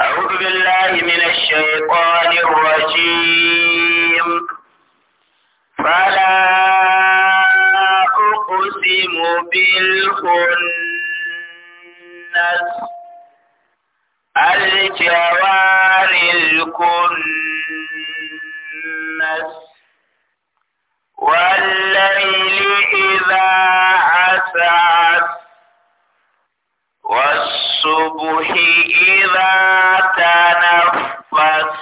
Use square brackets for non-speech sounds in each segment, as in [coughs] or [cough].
أعوذ بالله من الشيطان الرجيم فلا أقسم بالخنس الجوار الكنس والليل إذا عسعس والصبح إذا تنفس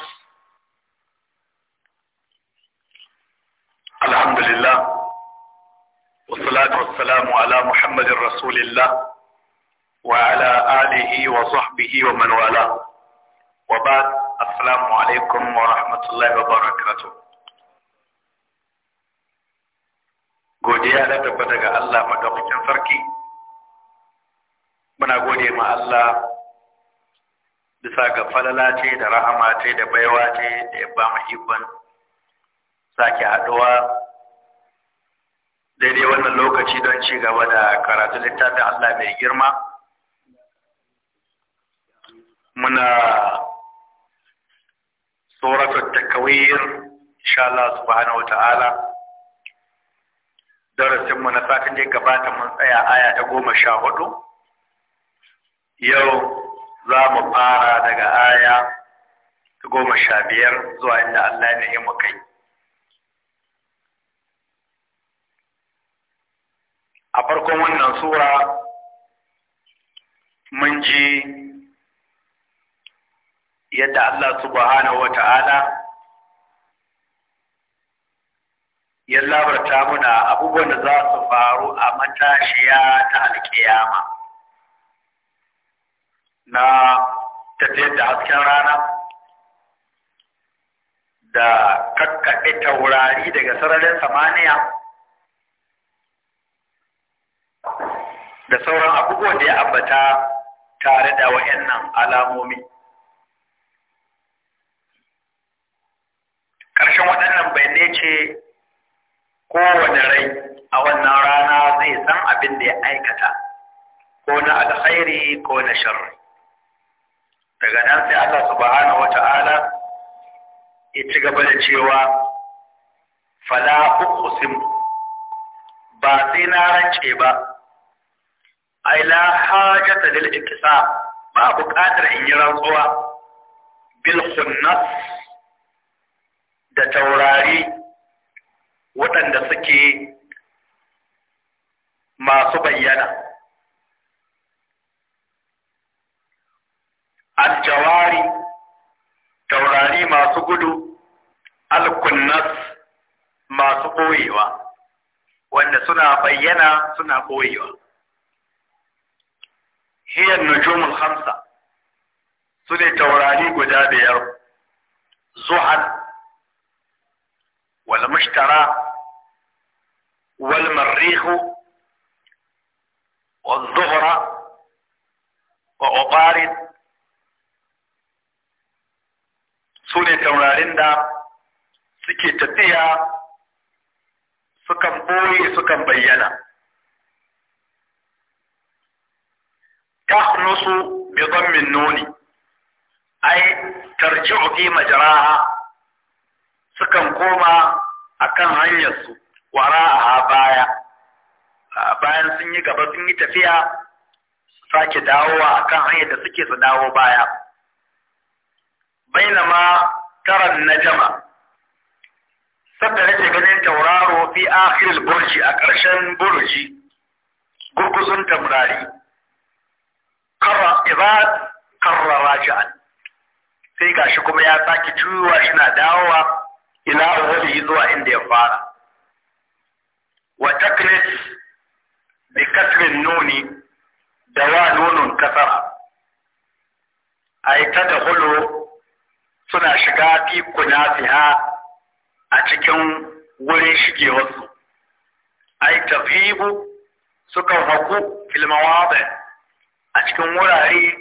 الحمد لله والصلاة والسلام على محمد رسول الله وعلى آله وصحبه ومن والاه وبعد السلام عليكم ورحمة الله وبركاته godiya na tabbata ga Allah madaukakin sarki muna gode ma Allah bisa ga falala ce da rahama ce da baiwa ce da ya ba mu ikon sake haɗuwa daidai wannan lokaci don ci gaba da karatu littafin Allah mai girma muna tsoratar da takawir insha Allah subhanahu wa ta'ala darasinmu na satin da ya gabata mun tsaya aya ta goma sha hudu yau za mu fara daga aya goma sha biyar zuwa inda Allah ne mu kai. A farkon wannan sura mun ji yadda Allah subhanahu wa ta'ala ya labarta muna abubuwan da za su faru a matashiya ta alƙiyama. na tafiyar da hasken rana da kakkaɗe taurari daga sararin samaniya da sauran abubuwan da ya ambata tare da wa'annan alamomi ƙarshen waɗannan bayanai ce kowane rai a wannan rana zai san abin da ya aikata ko na alkhairi ko na sharri daga nan sai Allah subhanahu wata'ala ya ci gaba da cewa fala uqsim ba sai na rance ba ai la hajata lil iktisab ba buƙatar in yi rantsuwa bil khunnas da taurari waɗanda suke masu bayyana aljawari taurari masu gudu alkunnas masu ɓoyewa wanda suna bayyana suna ɓoyewa hiyar Nujumin hamsa sune taurari guda biyar zuhad wal mushtara wal marrihu wal zuhra wa su ne taurarin da suke tafiya sukan boye sukan bayyana tahnusu bi min nuni ai tarji'u fi majraha sukan koma kan hanyar su wara'aha baya bayan sun yi gaba sun yi tafiya sake dawowa kan hanyar da suke su dawo baya bainama taran najama sabda nake ganin tauraro fi akhiril burji a ƙarshen burji gurgusun tamrari karra idza karra raji'an sai gashi kuma ya saki tuwa shina dawowa wani yi zuwa inda ya fara wa taklis bi katrin nuni da wa nunun kasara da tadkhulu suna shiga fi fiha a cikin wurin shigewarsu ai tafibu suka haku filmawaɗa a cikin wurare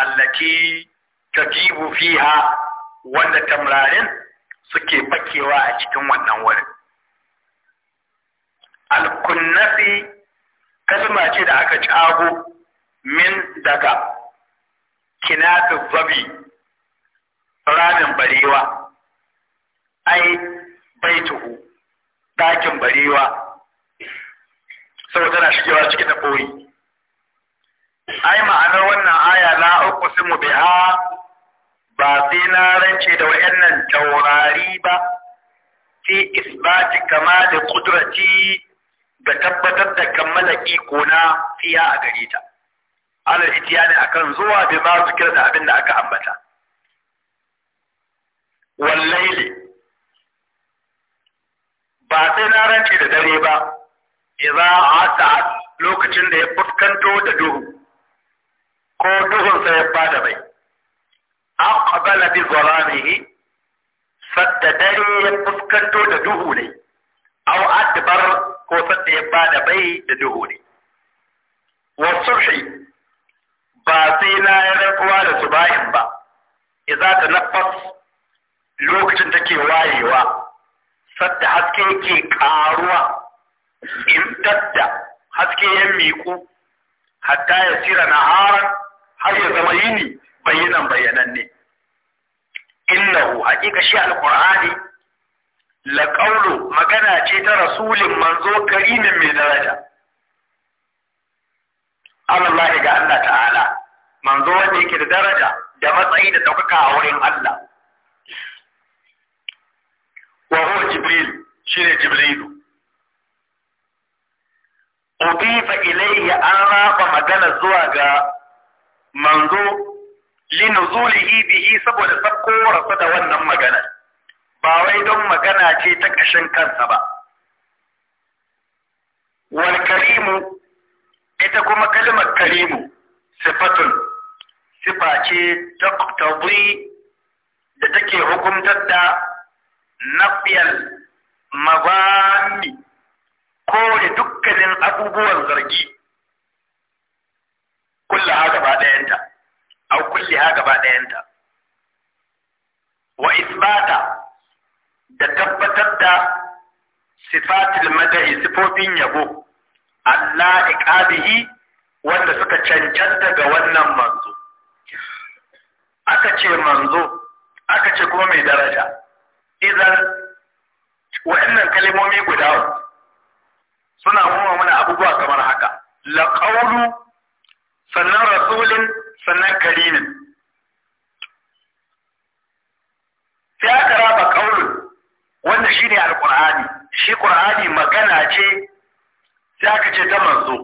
allati tafibu fiha wanda tamrarin suke bakewa a cikin wannan wurin alkunnafi kalma ce da aka cago min daga kinatu zabi ramin barewa ai baituhu ɗakin barewa sau tana shigewa ciki na ɓoyi ai ma'anar wannan aya la uqsimu biha ba sai na rance da wayannan taurari ba fi isbati kama da kudrati ga tabbatar da kammala iko na fiya a gare ta itiya ne akan zuwa bi ma zikir da abin da aka ambata والليل باتنا رنشي دا دريبا إذا عاد لوك جند يبتكن تو دا دو كو سيبادا بي أقبل بظلامه سد دري يبتكن تو دا دو أو أدبر كو سد يبادا بي دا دو هولي والصبحي باتنا رنشي دا دريبا إذا تنفس lokacin take wayewa sadda haske ke ƙaruwa in tadda haske ya miƙu hatta ya tsira na haran har ya zama yini bayanan ne innahu haƙiƙa shi alƙur'ani la qawlu magana ce ta rasulin manzo karimin mai daraja Allah ga Allah ta'ala manzo wanda yake da daraja da matsayi da ɗaukaka a wurin Allah wa huwa jibril shine jibrilu udifa ilayhi an ba magana zuwa ga manzo linuzulihi bihi saboda sabkowarsa da wannan maganar. ba wai don magana ce ta ƙashin kansa ba WalKarimu ita kuma kalmar karimu sifatun sifa ce ta da take hukumtar da nafiyal mabani kore dukkanin abubuwan zargi kulle ha gaba ɗayanta au kulle ha gaba ɗayanta wa isbata da tabbatar da sifatil madahi sifofin yabo Allah iqabihi wanda suka cancanta ga wannan manzo aka ce manzo aka ce kuma mai daraja idan wa'annan kalmomi guda suna nuna mana abubuwa kamar haka la qawlu sannan rasulin sannan karimin sai aka raba qawlu wannan shine alqur'ani shi qur'ani magana ce sai aka ce ta manzo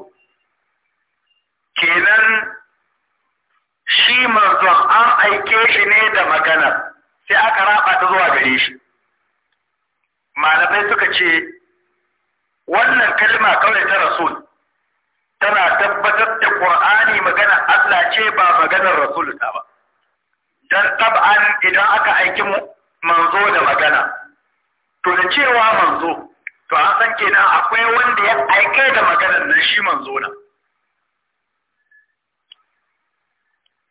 kenan shi manzon an aike shi ne da magana sai aka raba ta zuwa gare shi malamai suka ce wannan kalma kawai ta rasul tana tabbatar da qur'ani magana Allah ce ba maganar rasul ta ba dan tab'an idan aka aiki manzo da magana to da cewa manzo to an san kenan akwai wanda ya aike da maganar nan shi manzo na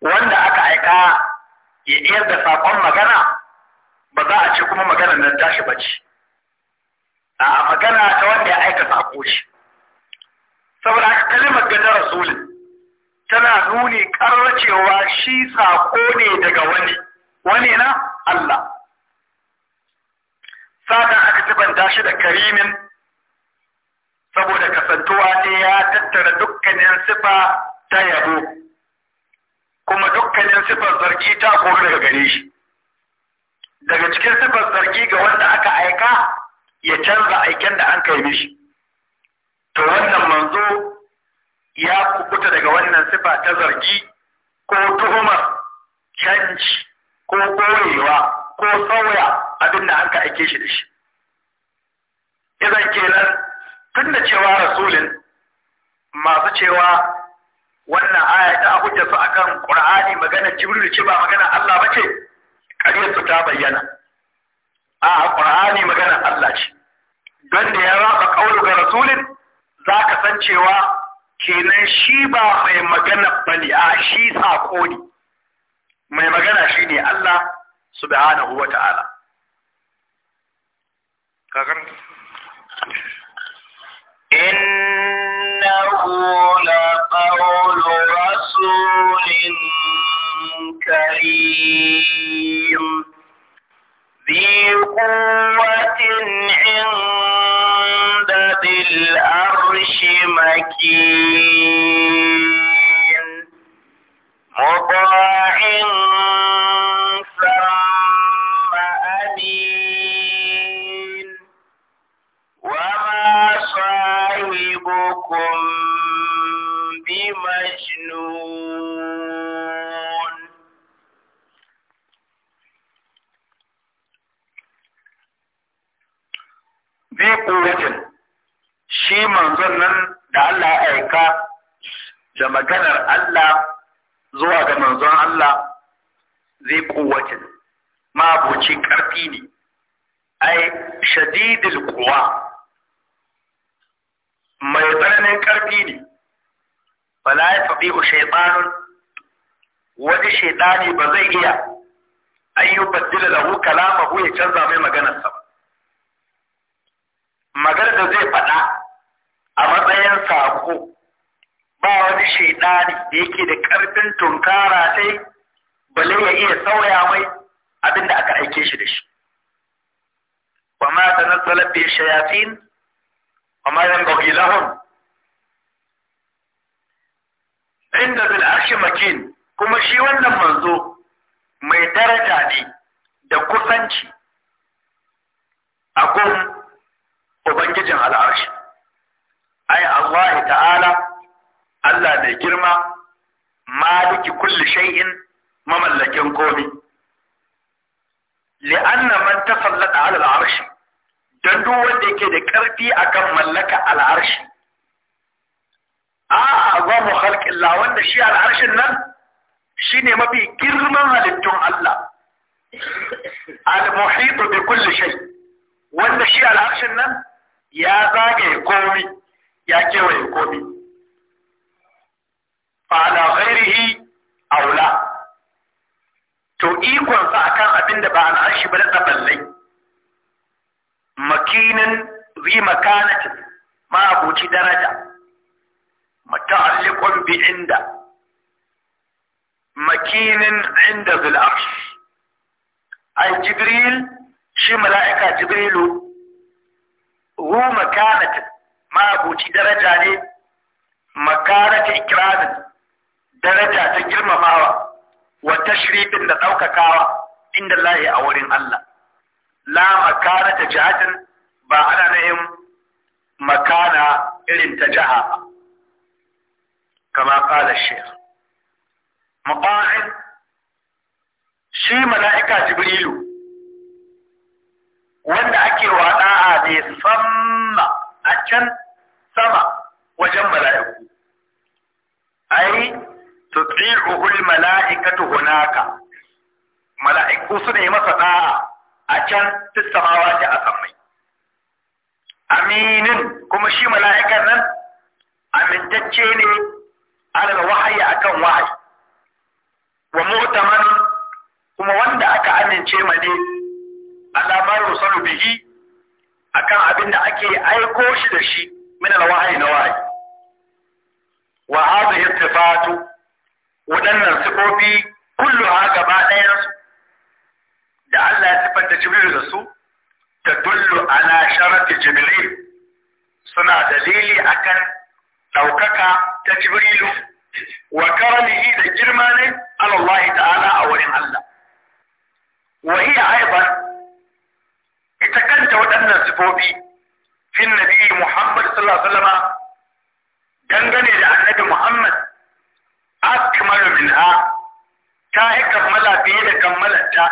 wanda aka aika ya iya da sakon magana ba za a ce kuma maganar nan tashi ba ce a magana ta wanda ya aika sako shi saboda aka kalimar ga rasulun tana nuni ƙarar cewa shi sako ne daga wani wani na Allah satan aka tibanta shi da karimin saboda kasantuwa ne ya tattara dukkanin sifa ta yabo kuma dukkanin sifar zargi ta koru daga gare shi daga cikin sifar zargi ga wanda aka aika ya canza aiken da an kai mishi to wannan manzo ya kubuta daga wannan sifa ta zargi ko tuhumar canji ko korewa ko sauya abin da an aike shi da shi idan kenan tun da cewa rasulin masu cewa wannan aya ta hujja su akan qur'ani magana jibril ce ba magana Allah bace karyar su ta bayyana a Qur'ani maganar Allah ce don da ya raba kaulu ga rasulin ka san cewa kenan shi ba mai magana bane a shi sako ne mai magana shi ne Allah subhanahu wata'ala kakan innahu la qawlu rasulin ذي قوة عند ذي الأرش مكين مطاع bi kuwatin shi manzon nan da Allah ya aika da maganar Allah zuwa ga manzon Allah zai ma buci karfi ne ai shadidul quwa mai tsananin karfi ne fala ya faɗi shaytanun wani shaytani ba zai iya an yi baddila lahu kalama ya canza mai maganarsa magana da zai faɗa a matsayin sako ba wani shaidani da yake da ƙarfin tunkara sai bale ya iya sauya mai abin aka aike shi da shi wa ma nasala bi shayatin wa ma yanbaghi lahum inda bil arshi makin kuma shi wannan manzo mai daraja ne da kusanci a gun ubangijin al'arshi ai Allah ta'ala Allah mai girma maliki kulli shay'in mamallakin komi li'anna man tasallata ala al'arshi don duk wanda yake da ƙarfi akan mallaka al'arshi a azamu khalqillah wanda shi al'arshin nan shine mafi girman halittun Allah al-muhit bi kulli wanda shi al'arshin nan ya zage komi ya kewaye komi fa ala ghairihi aula to ikon sa akan abin da ba harshe ba da ballai makinin zi makanatin ma abuci daraja متعلق inda. Makinan inda ذي العرش ai jibril shi mala'ika jibrilu hu makanat ma'abuci daraja ne makanat ikramin daraja ta girmamawa wa tashrifin da ɗaukakawa inda lahi a wurin Allah la makanata jihatin ba ana nayin makana irin ta jiha ba kama kala shekh muqa'in shi mala'ika jibrilu wanda ake wa da'a ne sama a can sama wajen mala'iku ai tuti'uhul mala'ikatu hunaka mala'iku su ne masa da'a a can fis samawati a sammai aminin kuma shi mala'ikan nan amintacce ne ala wahayi kan wahayi wa mu'taman kuma wanda aka amince ma ne alamar ma bihi akan abin da ake aiko shi da shi min alwahyi na wahayi wa hadhihi sifatu wadannan sifofi kulluha gaba ɗayan su da Allah ya sifanta Jibril da su tadullu ala sharafi Jibril suna dalili akan ɗaukaka ta Jibrilu wa karamihi da girma ne Allah ta'ala a wurin Allah wa hiya aiban ita kanta waɗannan sifofi fin nabi Muhammad sallallahu alaihi wasallam dangane da annabi Muhammad akmalu minha ta yi kammala fiye da kammalanta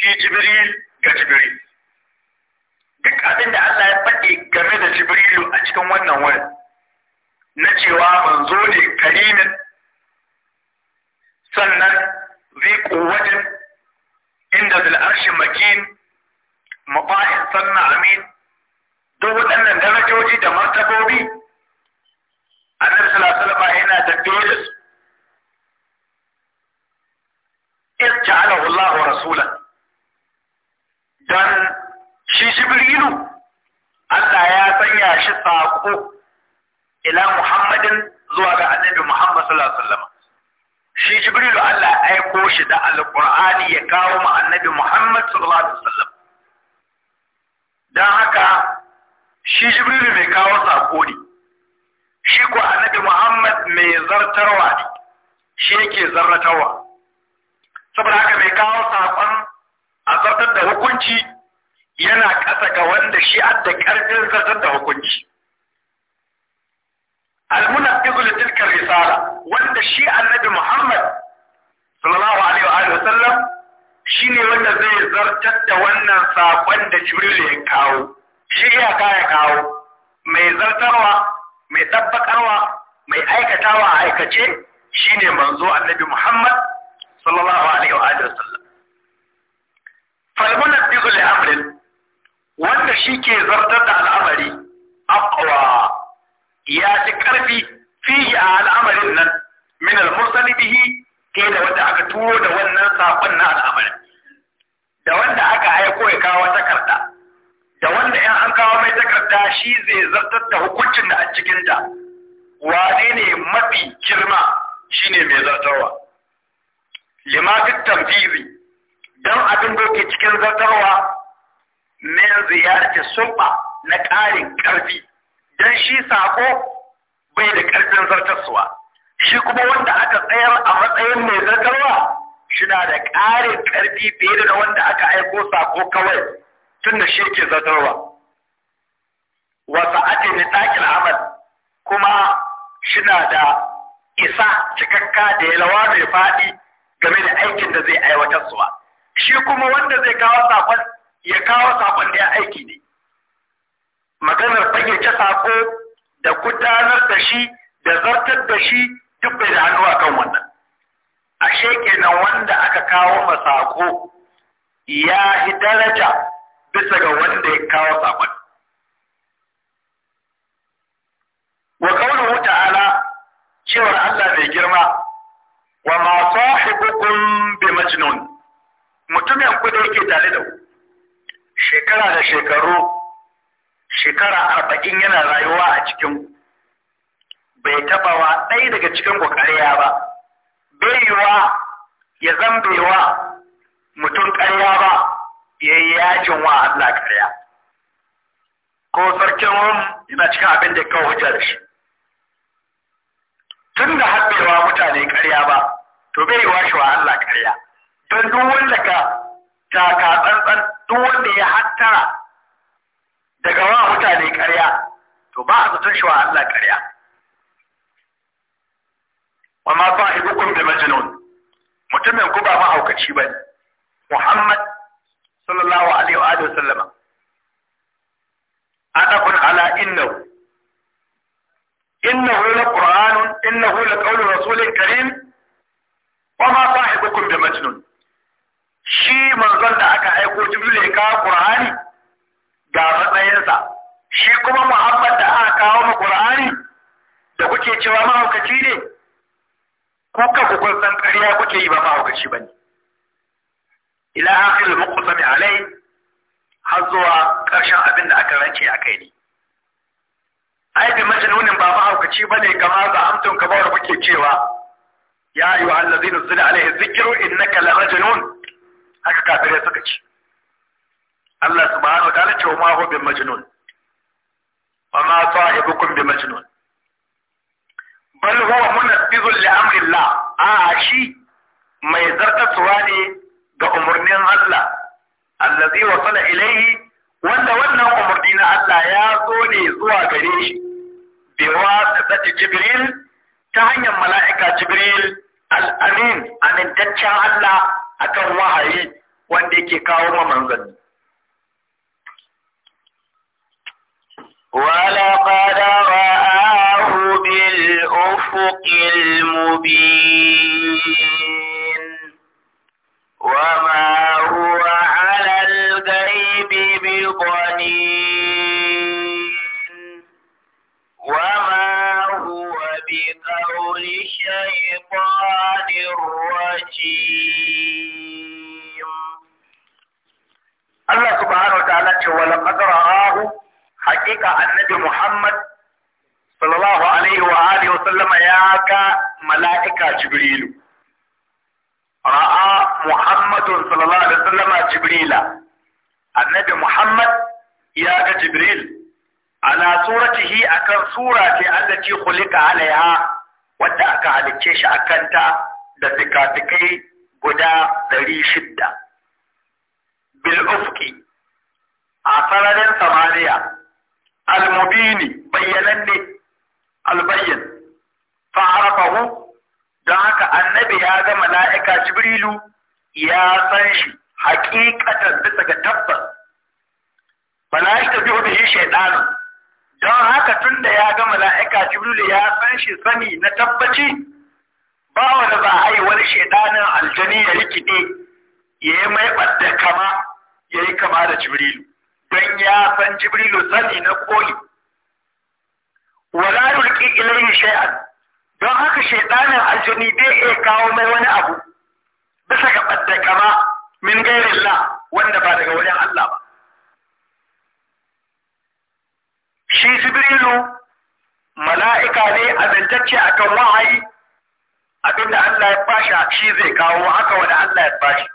fi Jibril ga Jibril duk abin da Allah ya faɗi game da Jibrilu a cikin wannan wurin na cewa manzo ne karimin sannan zai kuwatin inda zil makin mabahin sanna amin duk waɗannan darajoji da martabobi annabi sallallahu alaihi wasallam yana da dole su in ja'alahu Allah wa rasulan Don shi jibrilu Allah ya sanya shi saƙo ila Muhammadin zuwa ga annabi Muhammad sallallahu alaihi shi jibrilu Allah ya aiko shi da Alƙur'ani ya kawo mu annabi Muhammad sallallahu alaihi don haka shi jibrilu mai kawo sako ne shi ko annabi muhammad mai zartarwa ne shi yake zartarwa saboda haka mai kawo sakon a zartar da hukunci yana ƙasa ga wanda shi adda ƙarfin zartar da hukunci Izu li tilka risala wanda shi annabi muhammad sallallahu alaihi wa sallam shi ne wanda zai zartar da wannan saƙon da jibril ya kawo shi ya kaya kawo mai zartarwa mai tabbakarwa mai aikatawa a aikace shi ne manzo annabi muhammad sallallahu alaihi wa alihi wasallam falmunan bizu li amrin wanda shi ke zartar da al'amari aqwa ya ci karfi fihi a al'amarin nan min al-mursali bihi ke da wanda aka turo da wannan saƙon na al'amarin da wanda aka aiko ya kawo takarda da wanda in an kawo mai takarda shi zai zartar da hukuncin da a cikinta wane ne mafi girma ne mai zartarwa limatin tamfizi don abin da cikin zartarwa min ziyarci sulɓa na ƙarin ƙarfi don shi saƙo bai da ƙarfin zartarsuwa shi kuma wanda aka tsayar a matsayin mai zartarwa na da ƙarin ƙarfi fiye da wanda aka aiko sako kawai tun da shi ke zartarwa wasa ake ne ɗakin amal kuma na da isa cikakka da yalawa mai faɗi game da aikin da zai aiwatar suwa shi kuma wanda zai kawo sakon ya kawo sakon da ya aiki ne maganar fayyace sako da gudanar da shi da zartar da shi duk bai da hannu a kan wannan ashe kenan wanda aka kawo masako ya yi daraja bisa ga wanda ya kawo sakon wa wuta ta'ala cewar Allah mai girma wa ma sahibukum bi majnun mutumin ku da yake tare da ku shekara da shekaru shekara arba'in yana rayuwa a cikin bai taba wa ɗaya daga cikin ku bai ba wa ya wa mutum ƙarya ba ya yi yajin wa Allah ƙarya ko sarkin rum yana cikin abin da kawo hujjar da shi tun da haɗewa mutane ƙarya ba to bai yi wa shi wa Allah ƙarya don duk wanda ka taka tsantsan duk wanda ya hattara daga wa mutane ƙarya to ba a zutun shi wa Allah ƙarya wa ma sahibukum bi majnun mutumin ku ba mahaukaci bane Muhammad sallallahu alaihi wa alihi sallama adabun ala innahu innahu la qur'anun innahu la qawlu rasulin karim wa ma sahibukum bi majnun shi manzon da aka aiko Jibril ya kawo Qur'ani ga matsayinsa shi kuma Muhammad da aka kawo mu Qur'ani da kuke cewa mahaukaci ne ko kanku kun san ƙarya kuke yi ba mahaukaci ba ne ila akhir muqsami alai har zuwa ƙarshen abin da aka rance a kai ne ai bi majnunin ba mahaukaci ba ne kamar ba amtun ka bawar kuke cewa ya ayu allazina zila alaihi zikru innaka la majnun haka kafire suka ce Allah subhanahu wa ta'ala ce wa ma hu bi majnun wa ma sahibukum bi majnun bal huwa munaffizun li amrillah a shi mai zartaswa ne ga umarnin Allah allazi wasala ilaihi wanda wannan umarni na Allah ya zo ne zuwa gare shi bi wasatati jibril ta hanyar mala'ika jibril al-amin amintaccen Allah akan wahayi wanda yake kawo ma manzanni ولقد رأى الأفق المبين allati kulika alaiha wadda aka halicce shi a kanta da fikafikai guda ɗari shidda bil a sararin samariya al-mubini bayyananne al-bayyin fa'arafahu don haka annabi ya ga mala'ika jibrilu ya san shi hakikatan bisa ga tabbas mala'ika biyu da shi shaidanun don haka tun da ya ga mala'ika jibrilu ya san shi sani na tabbaci ba wani ba a yi wani shaidanin aljani ya rikide ya yi mai da kama ya yi kama da jibrilu don ya san jibrilu sani na koli wala rulki ilayin shay'an don haka shaidanin aljani bai iya kawo mai wani abu bisa ga ɓadda kama min gairin la wanda ba daga wani Allah ba shi jibrilu mala'ika ne a akan wa'ayi. abinda Allah ya bashi shi zai kawo haka wanda Allah ya bashi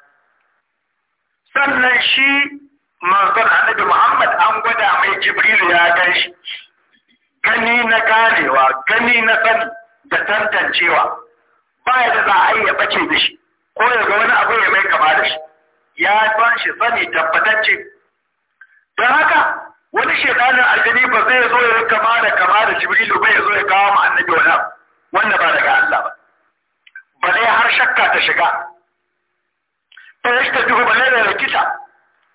sannan shi manzon annabi Muhammad an gwada mai jibrilu ya gan shi gani na ganewa gani na san da tantancewa baya da za a yi ya bace da shi ko ya ga wani abu ya mai kama da shi ya san shi sani tabbatacce don haka wani shedanin aljani ba zai zo ya kama da kama da jibrilu ba zo ya kawo ma annabi wani ba daga Allah ba ba dai har shakka ta shiga ta yasta duhu ba ne da rikita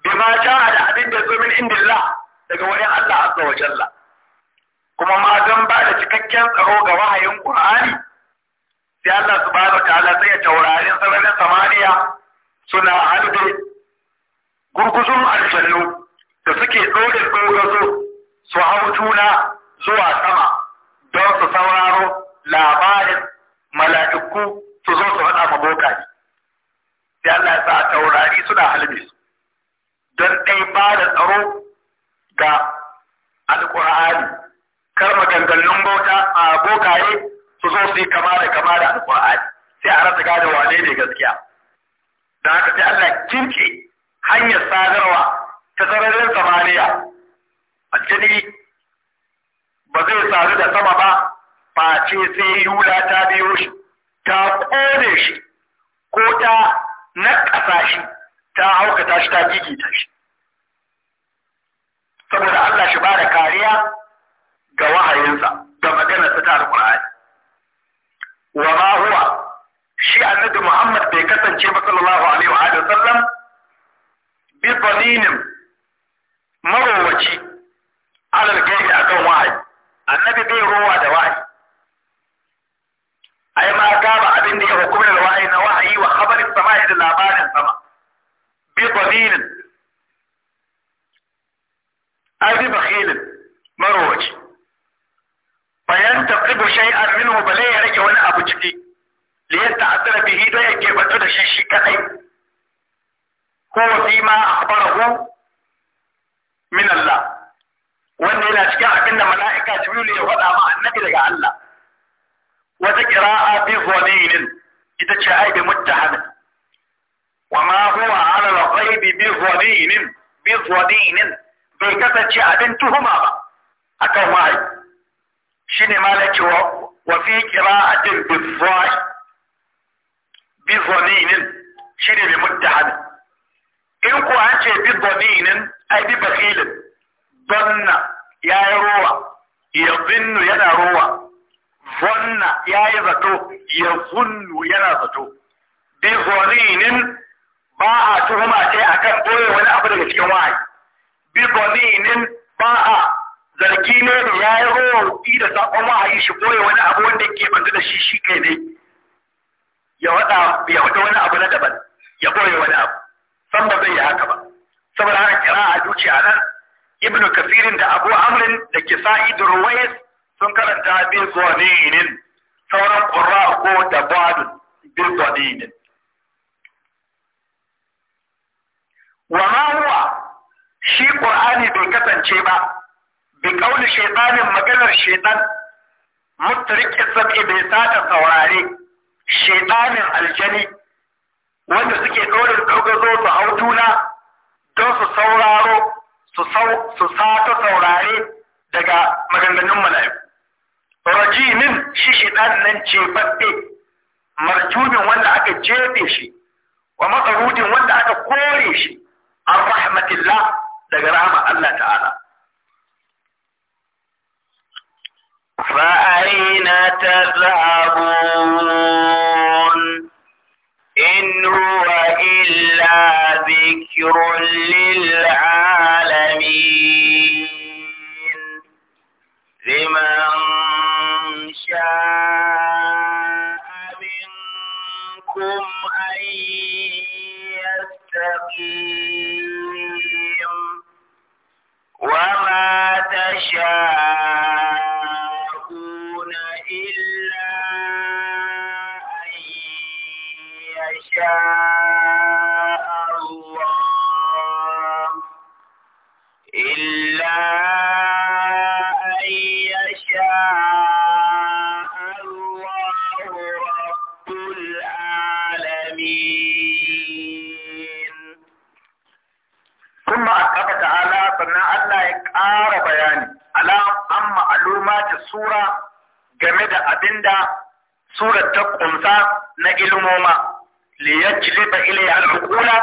bi ma ja'a da abin da zo min indilla daga wani Allah a wa jalla kuma ma don ba da cikakken tsaro ga wahayin Qur'ani sai Allah subhanahu wa ta'ala sai ya taurarin sararin samaniya suna halde gurguzun aljannu da suke ɗore gongazo su hau juna zuwa sama don su sauraro labarin mala'iku su zo su haɗa ma ne. Sai Allah ya sa taurari suna halbe su don ɗai ba da tsaro ga alƙur'ani kar maganganun bauta a bokaye su zo su yi kama da kama da alƙur'ani sai a rasa gane wane ne gaskiya. Da haka sai Allah kinke hanyar sadarwa ta sararin samaniya aljani ba zai sadu da sama ba ce sai yula ta biyo shi ta kone shi ko ta nakasa shi ta haukata shi ta gigita shi saboda Allah shi ba da kariya ga wahayinsa da maganarsa ta alƙur'ani wa ma huwa shi annabi Muhammad bai kasance ba sallallahu alaihi wa sallam bi marowaci alal gari kan wahayi annabi bai rowa da wahayi ai ma ba abin da ya hukumar wahayi na wahayi wa habarin sama da labarin sama bi dalilin ai bi bakhilin marowaci bayan taqibu shay'an minhu bale ya rike wani abu ciki liyasta asara bihi don yake ke batu da shi shi kadai ko fi ma akhbarahu من الله وأن إلى أشكاء بين ملائكة تقولي ولا ما النبي لقى الله وذكر بظنين إذا شاء بمتهم وما هو على الغيب بظنين بظنين بيكتا شاء بنتهما أكواي شيني مالك وفي قراءة بالظاي بظنين شيني بمتهم in ko an ce bi dhaminin ai bi bakilin donna ya yi rowa ya zinnu yana rowa vonna ya yi zato ya zunnu yana zato bi dhaminin ba a tuhuma ce kan ɗoye wani abu daga cikin wahayi bi dhaminin ba a zargi ne da ya yi rowa da saƙon wahayi shi ɗoye wani abu wanda ke bantu da shi shi kai ne ya wata wani abu na daban ya boye wani abu san ba zai yi haka ba saboda haka kira a duci a nan ibnu kasirin da abu amrin da ke da ruwais sun karanta bin zuwaninin sauran ƙura ko da badun bin zuwaninin wa ma huwa shi qur'ani bai kasance ba bi kauli shaytanin maganar shaytan mutriqis sab'i bai sata saurare shaytanin aljani wanda suke kaurin zo su hau juna don su sauraro su sata saurare daga maganganun mala'iku. Rajimin shi shiɗan nan jefaɗe, marjumin wanda aka jefe shi, wa matsarudin wanda aka kore shi, an rahmatillah daga rahama Allah ta'ala. فأين تذهبون إن هو إلا ذكر للعالمين لمن شاء منكم أن يستقيم وما sura game da abinda surar ta kunsa na ilmoma li yajliba ilai al-uqula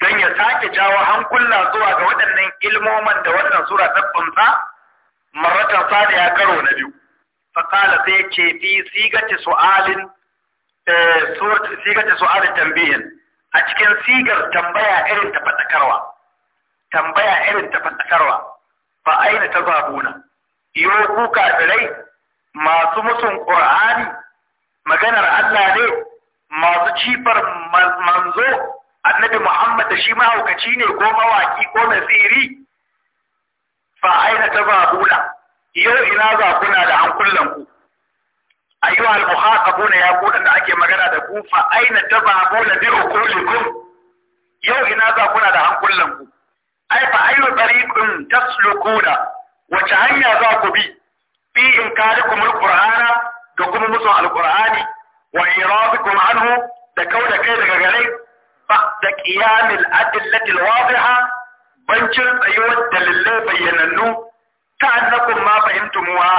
dan ya sake jawo hankula zuwa ga waɗannan ilmoman da wannan sura ta kunsa da ya karo na biyu faqala sai ce fi sigati su'alin eh surat sigati su'alin tambihin a cikin sigar tambaya irin ta fadakarwa tambaya irin ta fadakarwa fa aina tazabuna yo ku kafirai masu mutum qur'ani maganar Allah ne masu cifar manzo annabi Muhammad da shi mahaukaci ne ko mawaki ko nasiri fa aina tababula yau ina za kuna da hankulan ku ayyuha al-muhaqabuna ya ku da ake magana da ku fa aina tababula bi ukulikum yau ina za kuna da hankulan ku ai fa ayyu tariqin tasluquna wace hanya za ku bi fi in kare kalikum alqur'ana da kuma musu alqur'ani wa irabikum anhu da kauda kai daga gare ba da qiyamil adillati alwadiha bancin tsayuwar dalilai bayyanannu ta annakum ma fahimtumuha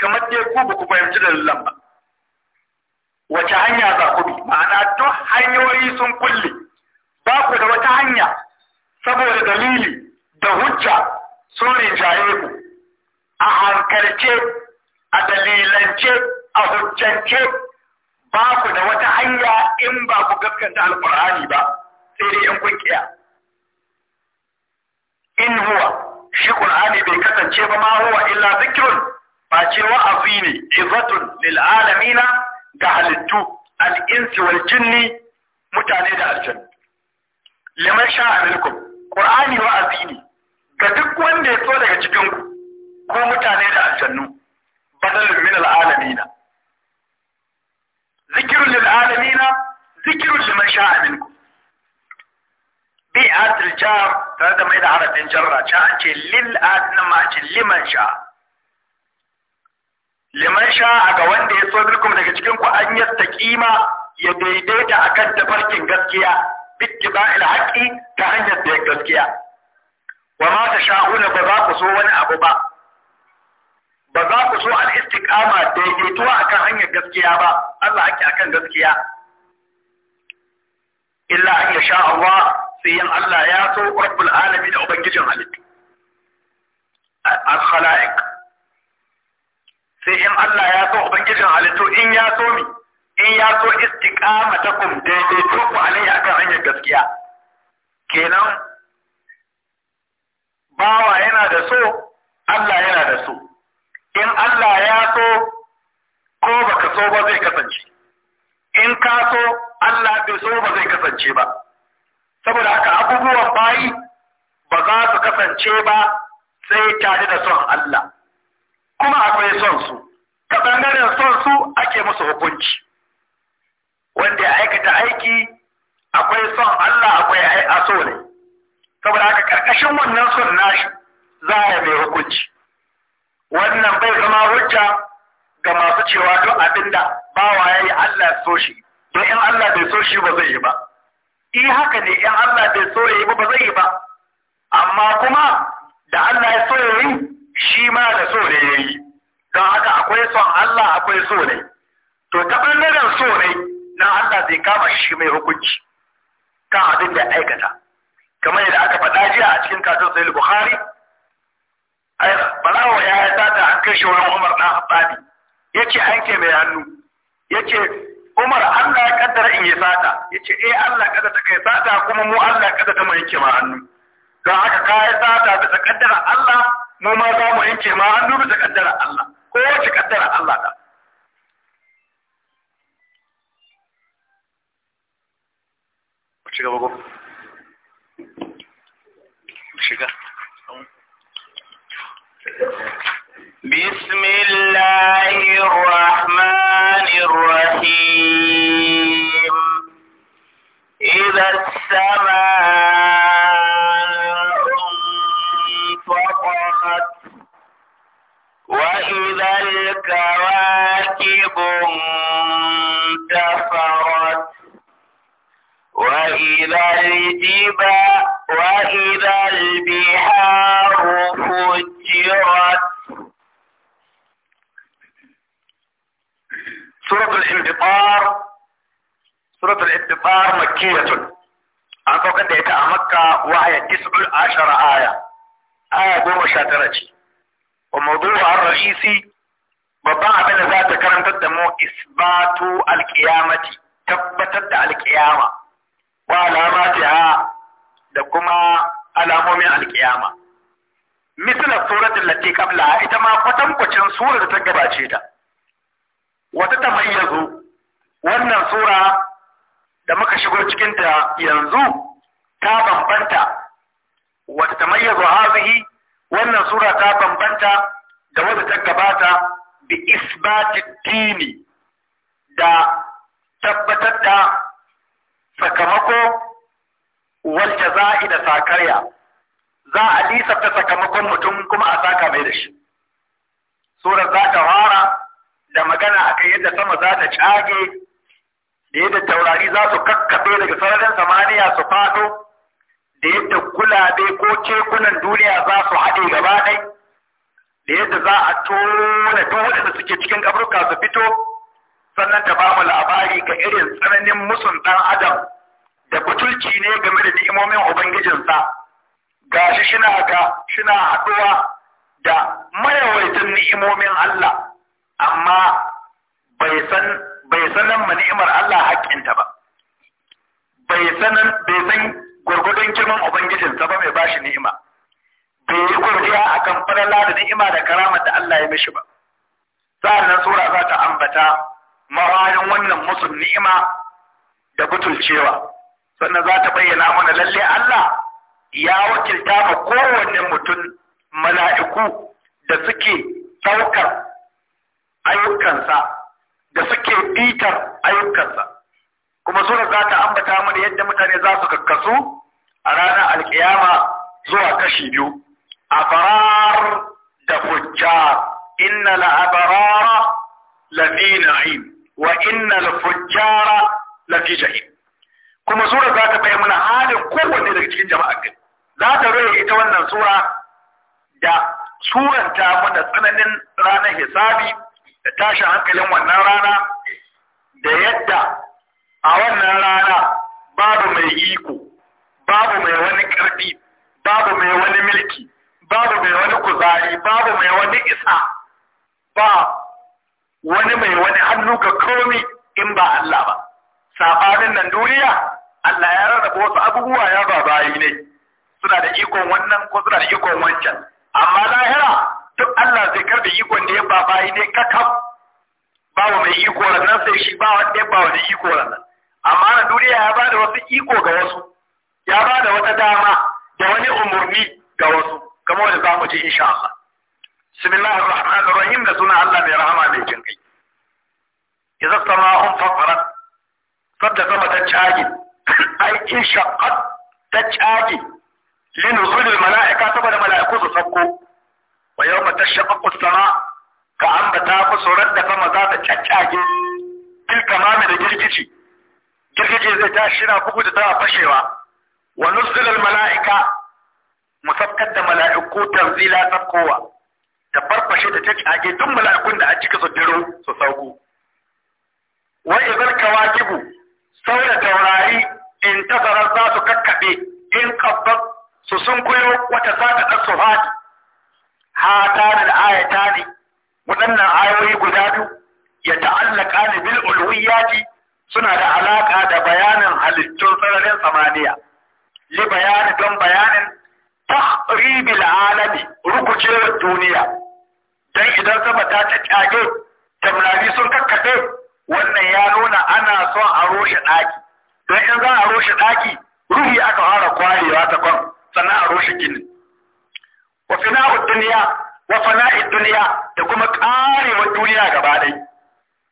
kamar dai ku ba ku fahimci dalilan ba wace hanya za ku bi ma'ana duk hanyoyi sun kulle ba ku da wata hanya saboda dalili da hujja sun rinjaye ku a hankalce a dalilance a hujjance ba ku da wata hanya in ba ku gaskanta alkur'ani ba sai dai 'yan kunkiya in huwa shi qur'ani bai kasance ba ma huwa illa zikrun ba ce wa'azi ne izzatun lil alamina ga halittu al insi wal jinni mutane da aljanna liman sha'a minkum qur'ani wa'azi ne ga duk wanda ya so daga cikin ku ko mutane da aljannu badalin min al'alamina zikirun lil alamina zikirun liman sha'a minkum bi'at al jar tare da mai da harafin jarra cha an ce lil adna ma ce liman sha'a liman sha'a ga wanda ya so minkum daga cikin ku an yastaqima ya daidaita akan tafarkin gaskiya bittiba ila haƙi ta hanyar da gaskiya wa ma ta sha'una ba za ku so wani abu ba ba za ku so al istiqama daidaituwa akan hanyar gaskiya ba Allah ake kan gaskiya illa an yasha Allah sai yin Allah ya so rabbul alamin da ubangijin halittu al khalaiq sai in Allah ya so ubangijin halittu in ya so mi in ya so istiqama ta kum daidaito ku alayya akan hanyar gaskiya kenan bawa yana da so Allah yana da so in Allah ya so ko baka so ba zai kasance in ka so Allah bai so ba zai kasance ba saboda haka abubuwan bayi ba za su kasance ba sai tare da son Allah kuma akwai son su ta ɓangaren son su ake musu hukunci wanda ya aikata aiki akwai son Allah akwai a so ne saboda haka ƙarƙashin wannan son nashi za a mai hukunci wannan bai zama hujja ga masu cewa duk abinda ba bawa ya yi Allah so shi don in Allah bai so shi ba zai yi ba in haka ne in Allah bai so ya ba zai yi ba amma kuma da Allah ya so ya shi ma da so ne ya yi don haka akwai son Allah akwai so ne to ta bangaren so ne na Allah zai kama shi mai hukunci kan abin da aikata kamar yadda aka faɗa jiya a cikin kasuwar sai bukhari barawa ya yi sata an kai shi wurin Umar dan ya ce an ke mai hannu Ya ce, Umar Allah ya kaddara in yi sata Ya ce, eh Allah kada ta kai sata kuma mu Allah kada ta mu yanke ma hannu don haka ka yi sata bisa kaddara Allah mu ma za mu yanke ma hannu bisa kaddara Allah ko wace kaddara Allah ta shiga bago shiga بسم الله الرحمن الرحيم إذا السماء انفطرت وإذا الكواكب انتفرت وإذا الجبال وإذا البحار فجرت suratul inbitar suratul inbitar makkiyatun an saukar da ita a makka wa aya tis'ul ashara aya aya goma sha tara ce wa mawdu'u babban abin da za ta karantar da mu isbatu alqiyamati tabbatar da alqiyama wa alamatiha da kuma alamomin alqiyama misal suratul lati qabla ita ma kwatankwacin surar da ta gabace ta wata tamayyazu wannan sura da muka shigo cikinta yanzu ta bambanta wata tamayyazu hazihi wannan sura ta bambanta da wata ta gabata bi isbati dini da tabbatar da sakamako wal jaza'i da sakarya za a lisafta sakamakon mutum kuma a saka mai da shi surar za ta fara da magana a kai yadda sama za ta cage da yadda taurari za su kakkaɓe daga sararin samaniya su faɗo da yadda kulabe ko kekunan duniya za su haɗe gaba ɗai da yadda za a tona duk waɗanda suke cikin ƙafurka su fito sannan ta bamu labari ga irin tsananin musun ɗan adam da butulci ne game da ni'imomin ubangijinsa gashi shina ga shina haɗuwa da mayawaitan ni'imomin Allah amma bai san bai sanan ni'imar Allah haƙƙinta ba bai sanan bai san gurgudun girman ubangijinsa ba mai bashi ni'ima bai yi gurdiya akan falala da ni'ima da karamar da Allah ya mishi ba sa'annan sura za ta ambata mawayin wannan musu ni'ima da butulcewa sannan za ta bayyana mana lalle Allah ya wakilta ma kowanne mutum mala'iku da suke saukar. ayyukansa da suke bitar ayyukansa kuma sura za ta ambata mana yadda mutane za su kakkasu a ranar alkiyama zuwa kashi biyu abrar da fujjar inna al-abrara lafi na'im wa inna al-fujjara lafi jahim kuma sura za ta bayyana halin kowanne daga cikin jama'a gari za ta rage ita wannan sura da suranta mana tsananin ranar hisabi da tashin hankalin wannan rana da yadda a wannan rana babu mai iko babu mai wani ƙarfi babu mai wani milki babu mai wani kuzari babu mai wani isa ba wani mai wani hannu ga komi in ba Allah ba sabanin nan duniya Allah ya rarraba wasu abubuwa ya ba bayi ne suna da ikon wannan ko suna da ikon wancan amma lahira duk Allah zai karbe ikon da ya ba bayi ne kakam ba wa mai iko nan sai shi ba wanda ya ba wani iko nan amma na duniya ya ba da wasu iko ga wasu ya ba da wata dama da wani umarni ga wasu kamar wanda za mu ji insha Allah bismillahir rahmanir rahim da suna Allah mai rahama mai jin kai idza sama'un fatarat Fadda sama ta cage [coughs] ai in shaqqat ta cage linuzulil mala'ika saboda mala'iku su sauko wa yau ba ta shaƙaƙu sama ka fi musu da fama za ta caccage tilka mami da girgici girgije zai tashi na bugu da tana fashewa wa nuzulul mala'ika musakkar da mala'iku tanzila sabkowa da farfashe da caccage duk mala'ikun da a cika su diro su sauko wa idhal kawakibu saura taurari in tazarar za su kakkaɓe in kabbat su sun kuyo wata sata ɗan su fadi hata da ayatani ne waɗannan ayoyi guda biyu ya ta'allaka ne bil ulwiyati suna da alaka da bayanin halittun sararin samaniya li bayani don bayanin tahribil alami rukucewar duniya dan idan sama ta ta kyage tamlali sun kakkaɗe wannan ya nuna ana son a roshe ɗaki don in za a roshe ɗaki ruhi aka fara kwarewa ta kwan sannan a roshe ginin wa fina'ud dunya wa fana'id dunya da kuma wa duniya gaba dai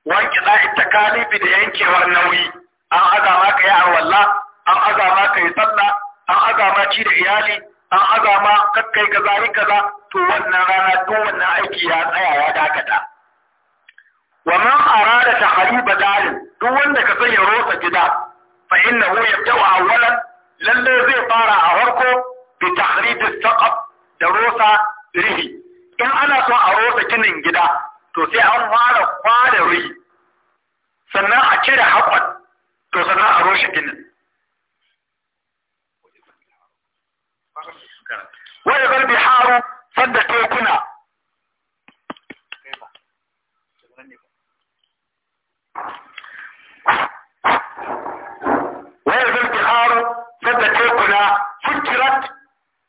wanki ita kalifi da yankewar nauyi an azama ka yi arwalla an azama ka yi an azama ci da iyali an azama kakkai kaza yi kaza to wannan rana to wannan aiki ya tsaya ya dakata wa man arada tahriba darin duk wanda ka sanya rosa gida fa innahu yabda'u awwalan da rosa rihi in ana son a rosa ginin gida to sai an fara kwada rihi sannan a cire haƙon to sannan a roshe ginin wani zarbi haru sanda tekuna wani zarbi haru sanda tekuna fukirat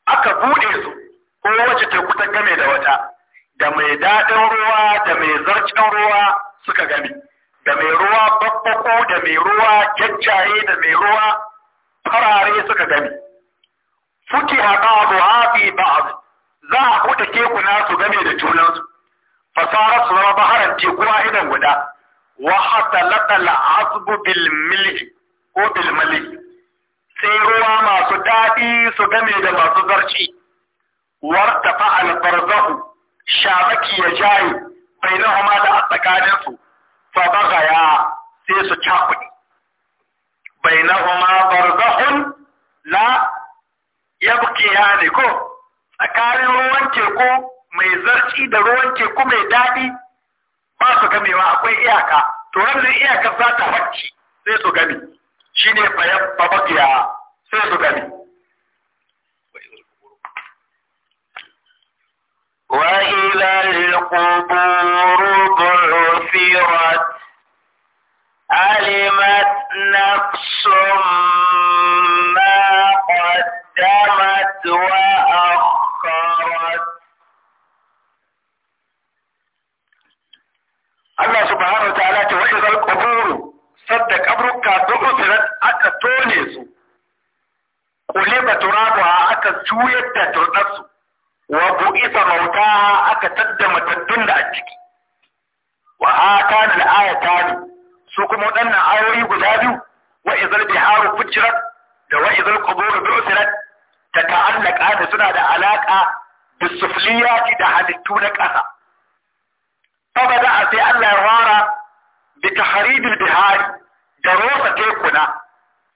aka buɗe su kowace teku ta game da wata da mai daɗin ruwa da mai zarcen ruwa suka game da mai ruwa babbako da mai ruwa jajjaye da mai ruwa farare suka game fuki a ba'adu haɗi ba'adu za a kuta kekuna su game da junansu fasara su zama baharan teku a idan guda wa hasalata al'azbu bil milhi ko bil sai ruwa masu daɗi su game da masu zarci wartafa albarzahu shamaki ya jaye bai nahuma da a tsakaninsu fa bagaya sai su cakuɗi bai nahuma barzahun la yabki ne ko tsakanin ruwan teku mai zarci da ruwan teku mai daɗi ba su gamewa akwai iyaka to wannan iyakar za ta hakki sai su gami shine fa babbiya sai su gami وإلى القبور بعثرت علمت نفس ما قدمت وأخرت الله سبحانه وتعالى وإذا القبور صدق أبرك بعثرت أكا تونس قلب ترابها أكا سويت ترنسو وبؤس موتاها أكتد متدن أجكي وها كان الآية تاني سوكم أن آية يقذابي وإذا البحار فجرت وإذا القبور بعثرت تتعلق آنَ سنة علاقة بالسفليات ده هدتونك أسا فبدأ في أن يرارا بتحريب البهاري دروس كيكونا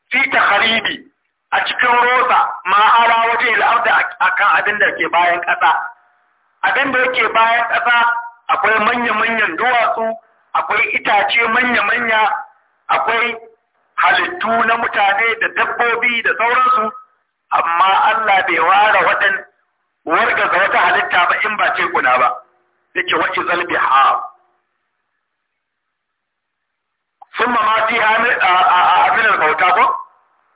في تخريبي a cikin rosa ma hala waje a kan abin da ke bayan ƙasa abin da yake bayan ƙasa akwai manya-manyan duwatsu akwai itace manya-manya akwai halittu na mutane da dabbobi da sauransu amma Allah bai ware waɗan warga ga wata halitta ba in ba ce kuna ba yake wace zalbi ha sun ma ma a bauta ko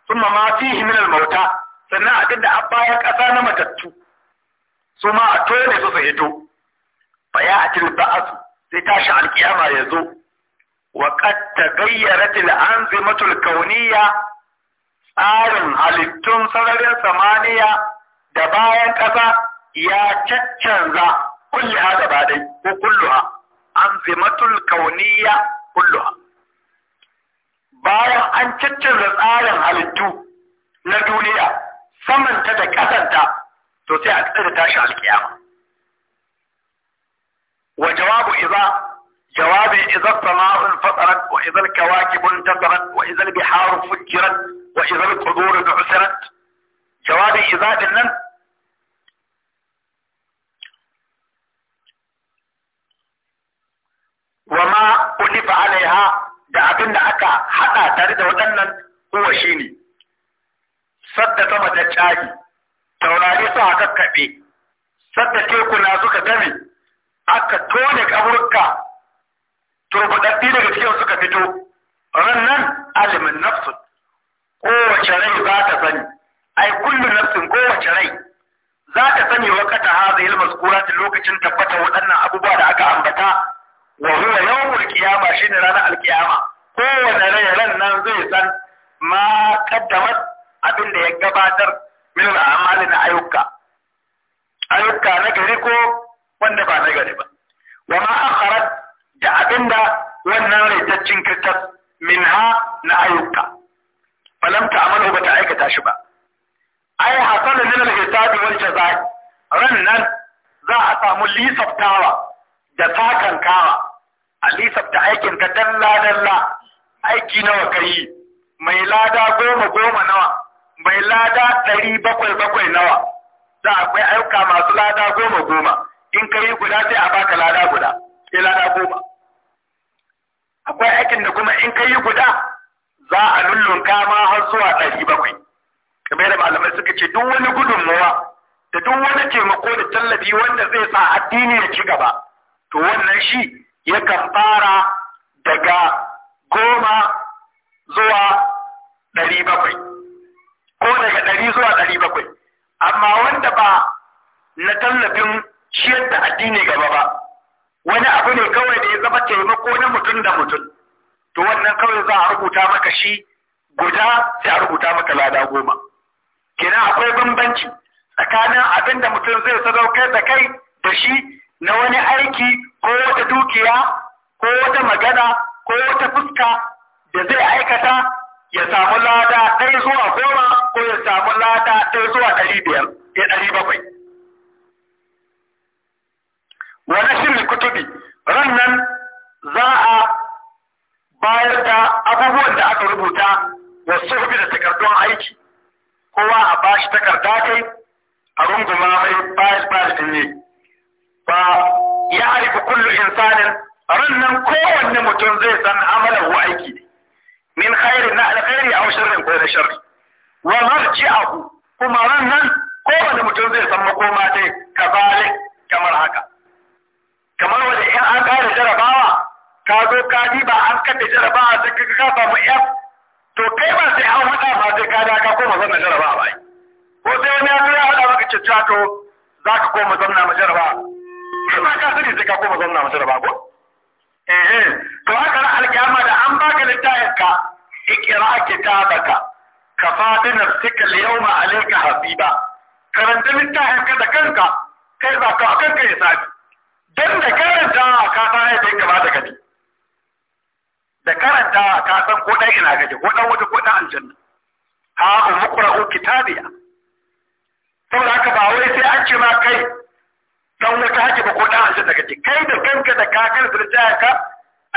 ثم ما فيه من الموتى sannan abin da an bayan ƙasa na matattu su ma a tone su su hito fa ya atil ba'asu sai tashi alƙiyama ya zo wa qad taghayyarat al-anzimatu al-kawniyya tsarin halittun sararin samaniya da bayan ƙasa ya caccanza kulliha gaba dai ko kulluha anzimatul kawniyya kulluha bayan an caccanza tsarin halittu na duniya samanta da ƙasanta to sai a tsira tashi alkiyama wa jawabu iza jawabi iza sama'un fatarat wa iza al-kawakib intasarat wa iza al-bihar fujirat wa iza al-qubur bu'sirat jawabi iza din nan wa ma ulifa alaiha da abin da aka haɗa tare da waɗannan kuwa shi ne sadda sama ta caji. taurari haka kakkaɓe sadda tekuna suka game aka tone ƙaburka, turbuɗaɗɗi daga cikin suka fito rannan alimin nafsu kowace rai za ta sani ai kullum nafsin kowace rai za ta sani wakata hazihil mazkura lokacin tabbata waɗannan abubuwa da aka ambata wa huwa yawmul qiyama shine ranar alkiyama Kowanne rai ran nan zai san ma kaddamat abin da ya gabatar min al'amali na ayyuka ayyuka na gari ko wanda ba na gari ba wa ma akharat da abin da wannan raitaccin kirtas minha na ayyuka falam ta amalu ba ta aikata shi ba ai hasan min al-hisabi wal jazai ran nan za a samu lisaftawa da takan kawa a da aikin ka dalla dalla aiki nawa ka yi mai lada goma goma nawa mai lada ɗari bakwai bakwai nawa Za a akwai ayyuka masu lada goma goma in ka yi guda sai a baka lada guda sai lada goma akwai aikin da kuma in ka yi guda za a lullunka ma har zuwa ɗari bakwai kamar da malamai suka ce duk wani gudunmawa da duk wani taimako da tallafi wanda zai sa addini ya ci gaba to wannan shi yakan fara daga goma zuwa ɗari bakwai ko daga ɗari zuwa ɗari bakwai amma wanda ba na tallafin ciyar da addini gaba ba wani abu ne kawai da ya zama taimako na mutum da mutum to wannan kawai za a rubuta maka shi guda sai a rubuta maka lada goma Kina akwai bambanci tsakanin abin da mutum zai sadaukar da kai da shi na wani aiki ko wata dukiya ko wata magana ko wata fuska da zai aikata ya samu lada ɗaya zuwa goma ko ya samu lada ɗaya zuwa ɗari biyar ya eh, ɗari bakwai. Wani shirin kutubi ran nan za a bayar da abubuwan da aka rubuta da sufi da takardun aiki kowa a bashi takarda kai a runguma mai bayar bayar ne. ba ya harifi kullu insanin rannan kowanne mutum zai san amalar wa aiki ne min khairi na alkhairi a shirin ko na sharri wa abu. kuma rannan kowanne mutum zai san makoma dai kazalik kamar haka kamar wanda in an kare jarabawa ka zo ka ba an kaɗe jarabawa sai ka ka samu F to kai ba sai an haɗa ba sai ka da ka koma zanna jarabawa ba ko sai wani ya haɗa maka cewa to za ka koma zanna ma jarabawa kai ba ka sani sai ka koma zanna mata da bako eh to haka na alkiyama da an baka littafin ka ikra kitabaka ka fadi nafsika al-yawma alayka hasiba karanta littafin ka da kanka kai ba ka kanka ya sabi dan da karanta ka san yadda ya kamata ka bi da karanta ka san ko dan ina gaje ko dan wata ko dan aljanna ha umqra'u kitabiya saboda haka ba wai sai an ce ma kai dan wata hake ba ko dan aljanna kake kai da kanka da ka karanta littafin ka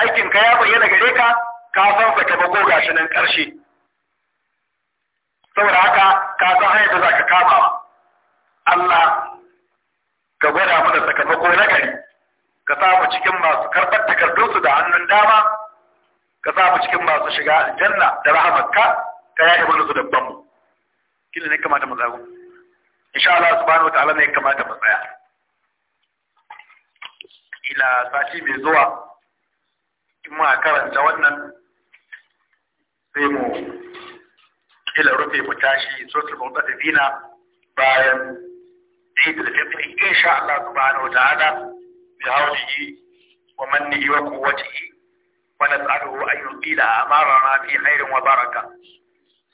aikinka ya bayyana gare ka ka san sa ba ko gashi nan karshe saboda haka ka san hanyar da ka kama Allah ka gwada mana sakamako na gari ka samu cikin masu karɓar takardunsu da hannun dama ka samu cikin masu shiga aljanna da rahamarka ka yaɗa mana su dabban mu kila ne kamata mu zago insha Allah subhanahu wa ta'ala ne kamata mu tsaya ila sati mai zuwa in ma karanta wannan sai mu ila rufe mu tashi sosai mu tsaka dina bayan Eid al-Fitr insha Allah subhanahu wa ta'ala bi hawlihi wa mannihi wa quwwatihi wa nas'aluhu an yuqila amarana fi khairin wa baraka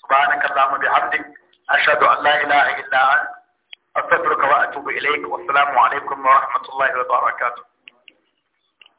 سبحانك اللهم بحمدك أشهد أن لا إله إلا أنت أستغفرك وأتوب إليك والسلام عليكم ورحمة الله وبركاته